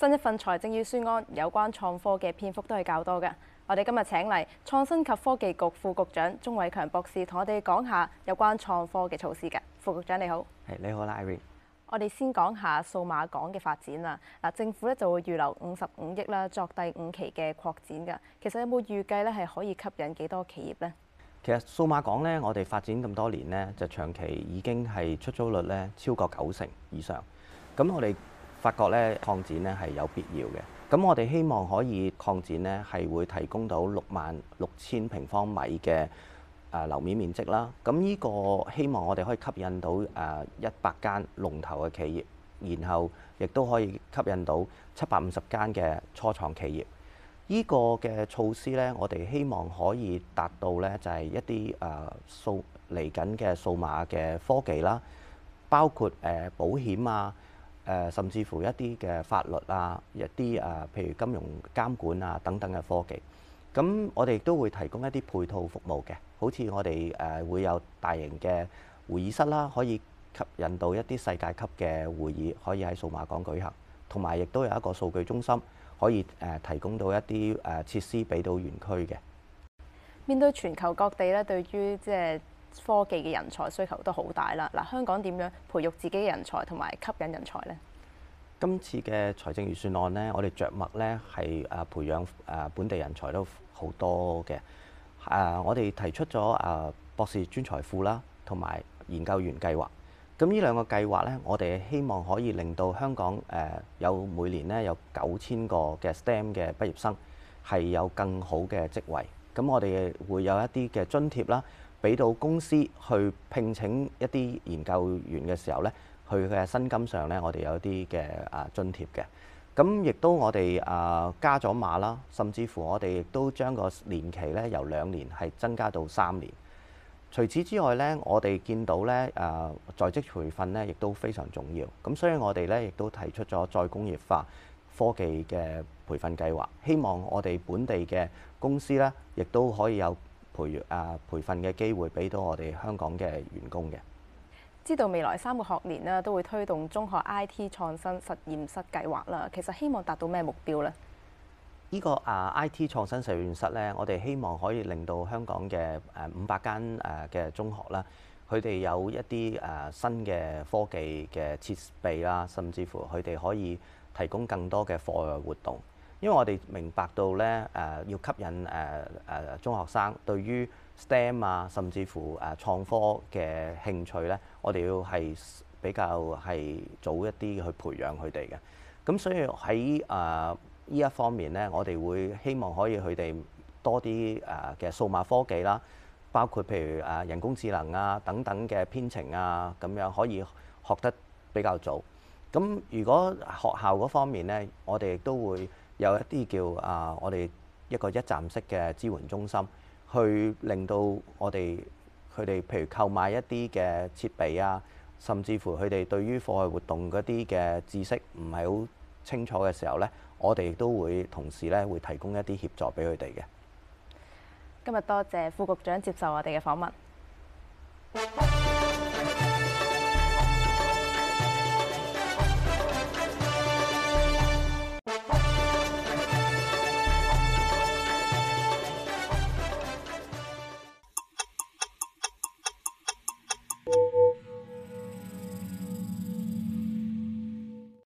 新一份財政預算案有關創科嘅篇幅都係較多嘅。我哋今日請嚟創新及科技局副局長鍾偉強博士同我哋講下有關創科嘅措施嘅。副局長你好，係你好啦，Irene。我哋先講下數碼港嘅發展啦。嗱，政府咧就會預留五十五億啦，作第五期嘅擴展噶。其實有冇預計咧係可以吸引幾多企業呢？其實數碼港咧，我哋發展咁多年咧，就長期已經係出租率咧超過九成以上。咁我哋發覺咧擴展咧係有必要嘅，咁我哋希望可以擴展咧係會提供到六萬六千平方米嘅啊樓面面積啦，咁呢個希望我哋可以吸引到誒一百間龍頭嘅企業，然後亦都可以吸引到七百五十間嘅初創企業。呢、這個嘅措施咧，我哋希望可以達到咧就係、是、一啲誒、呃、數嚟緊嘅數碼嘅科技啦，包括誒、呃、保險啊。誒，甚至乎一啲嘅法律啊，一啲誒，譬如金融監管啊等等嘅科技，咁我哋亦都會提供一啲配套服務嘅，好似我哋誒會有大型嘅會議室啦，可以吸引到一啲世界級嘅會議可以喺數碼港舉行，同埋亦都有一個數據中心，可以誒提供到一啲誒設施俾到園區嘅。面對全球各地咧，對於即係。科技嘅人才需求都好大啦。嗱，香港點樣培育自己嘅人才同埋吸引人才呢？今次嘅財政預算案呢，我哋着墨呢，係誒培養誒本地人才都好多嘅誒、啊。我哋提出咗誒、啊、博士專才庫啦，同埋研究員計劃。咁呢兩個計劃呢，我哋希望可以令到香港誒、呃、有每年呢有九千個嘅 STEM 嘅畢業生係有更好嘅職位。咁我哋會有一啲嘅津貼啦。俾到公司去聘請一啲研究員嘅時候呢，佢嘅薪金上呢，我哋有啲嘅啊津貼嘅。咁亦都我哋啊加咗碼啦，甚至乎我哋亦都將個年期呢由兩年係增加到三年。除此之外呢，我哋見到呢誒在職培訓呢亦都非常重要。咁所以我哋呢亦都提出咗再工業化科技嘅培訓計劃，希望我哋本地嘅公司呢亦都可以有。培啊、呃、培訓嘅機會俾到我哋香港嘅員工嘅，知道未來三個學年呢，都會推動中學 IT 創新實驗室計劃啦。其實希望達到咩目標呢？呢個啊 IT 創新實驗室呢，我哋希望可以令到香港嘅誒五百間誒嘅中學啦，佢哋有一啲誒新嘅科技嘅設備啦，甚至乎佢哋可以提供更多嘅課外活動。因為我哋明白到咧，誒要吸引誒誒中學生對於 STEM 啊，甚至乎誒創科嘅興趣咧，我哋要係比較係早一啲去培養佢哋嘅。咁所以喺誒呢一方面咧，我哋會希望可以佢哋多啲誒嘅數碼科技啦，包括譬如誒人工智能啊等等嘅編程啊，咁樣可以學得比較早。咁如果學校嗰方面咧，我哋亦都會。有一啲叫啊，我哋一個一站式嘅支援中心，去令到我哋佢哋譬如購買一啲嘅設備啊，甚至乎佢哋對於課外活動嗰啲嘅知識唔係好清楚嘅時候咧，我哋都會同時咧會提供一啲協助俾佢哋嘅。今日多謝副局長接受我哋嘅訪問。